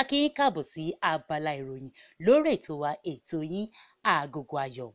a kí yín káàbọ̀ sí abala ìròyìn lórí ètò wa ètò yín Agogo Ayọ̀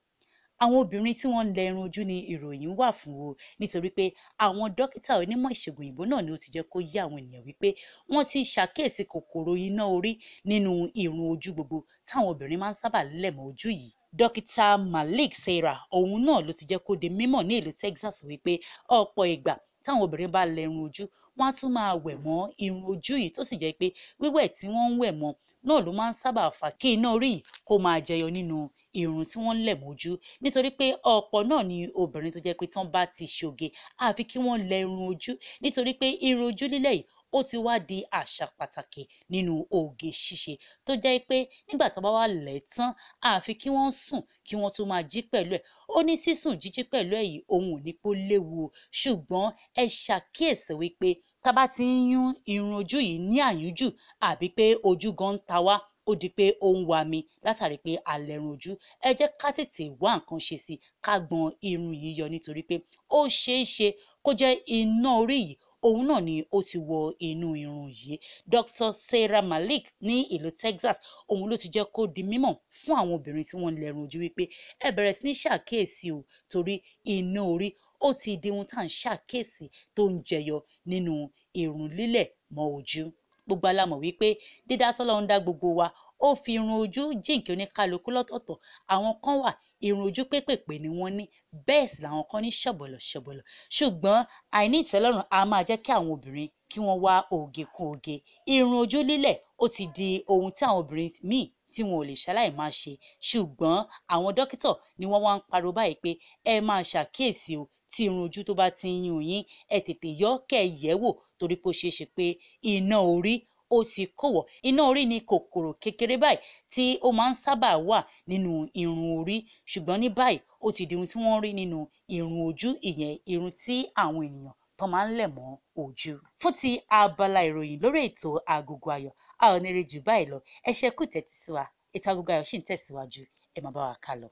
àwọn obìnrin tí wọ́n ń lẹ ojú ni ìròyìn wà fún o nítorí pé àwọn dókítà onímọ̀ ìṣègùn òyìnbó náà ni ó ti jẹ́ kó yé àwọn ènìyàn wípé wọ́n ti ṣàkíyèsí kòkòrò iná orí nínú irun ojú gbogbo táwọn obìnrin máa ń sábà lẹ̀ mọ́ ojú yìí dókítà Malik Sarah òun náà ló ti jẹ́ kó di mímọ̀ ní ìlú Texas wípé ọ̀pọ̀ ìgbà táwọn obìnrin bá lẹrun ojú wọ́n á tún máa wẹ̀ mọ́ irun ojú yìí tó sì jẹ́ pé wíwẹ̀ tí wọ́n ń wẹ̀ mọ́ náà ló máa ń sábà fà kí iná orí kó máa jẹyọ nínú irun tí wọ́n ń lẹ̀ mójú nítorí pé ọ̀pọ̀ náà ni obìnrin tó jẹ́ pé tán bá ti ṣoge àfi kí wọ́n lẹ irun ojú nítorí pé irun ojú lílẹ̀ yìí ó ti wá di àṣà pàtàkì nínú oge ṣíṣe tó jẹ́ pé nígbà tó bá wà lẹ̀ tán àfi kí wọ́n sùn kí wọ́n tó máa jí pẹ̀lú ẹ̀ ó ní sísùn jíjí pẹ̀lú ẹ̀ yìí òun ò ní kó léwu o ṣùgbọ́n ẹ ṣàkíyèsí wípé tá a bá ti ń yún irun ojú yìí ní àyújù àbí pé ojú gan ń ta wá ó di pé ó ń wa mi látàrí pé alẹ́rùn ojú ẹ jẹ́ ká tètè wá nǹkan ṣe sí ká gbọn irun yìí yọ nítorí pé ó ṣeé ṣe kó jẹ́ iná orí yìí òun náà ni ó ti wọ inú irun yìí Dr. Sarah Malik ní ìlú Texas òun ló ti jẹ́ kó di mímọ̀ fún àwọn obìnrin tí wọ́n ń lẹ́rùn ojú wípé ẹ bẹ̀rẹ̀ sí ní ṣàkíyèsí o torí iná orí ó ti di ohun tá à ń ṣàkíyèsí tó ń jẹyọ nínú irun lílẹ̀ mọ́ ojú gbogbo alamọ̀ wípé dídá tọ́lọ́run dá gbogbo wa ó fi irun ojú jíǹkì oníkálukú lọ́tọ̀ọ̀tọ̀ àwọn kan wà irun ojú pépèpé ni wọ́n ní bẹ́ẹ̀ sì làwọn kan ní ṣọ̀bọ̀lọ̀ ṣọ̀bọ̀lọ̀ ṣùgbọ́n àìní ìtẹ́lọ́rùn a máa jẹ́ kí àwọn obìnrin kí wọ́n wá oge kún oge irun ojú lílẹ̀ ó ti di ohun tí àwọn obìnrin míì tí wọn ò lè ṣaláì máa ṣe ṣùgbọ́n àwọn dókítà ni wọ́n wá ń pariwo báyìí pé ẹ máa ṣàkíyèsí o tí irun ojú tó bá ti ń yún yín ẹ tètè yọ kẹ́ ẹ yẹ̀ wò torí pé ó ṣeé ṣe pé iná orí ó ti kọ̀wọ̀ iná orí ni kòkòrò kékeré báyìí tí ó máa ń sábà wà nínú irun orí ṣùgbọ́n ní báyìí ó ti di ohun tí wọ́n rí nínú irun ojú ìyẹn irun tí àwọn ènìyàn tó máa ń lẹ̀ mọ́ ojú. fún ti abala ìròyìn lórí ètò Agogo Ayọ̀ a ò ní rí jù báyìí lọ ẹ ṣe kú tẹ́tí sí wa ètò Agogo Ayọ̀ ṣì ń tẹ̀síwájú ẹ máa bá wa ká lọ.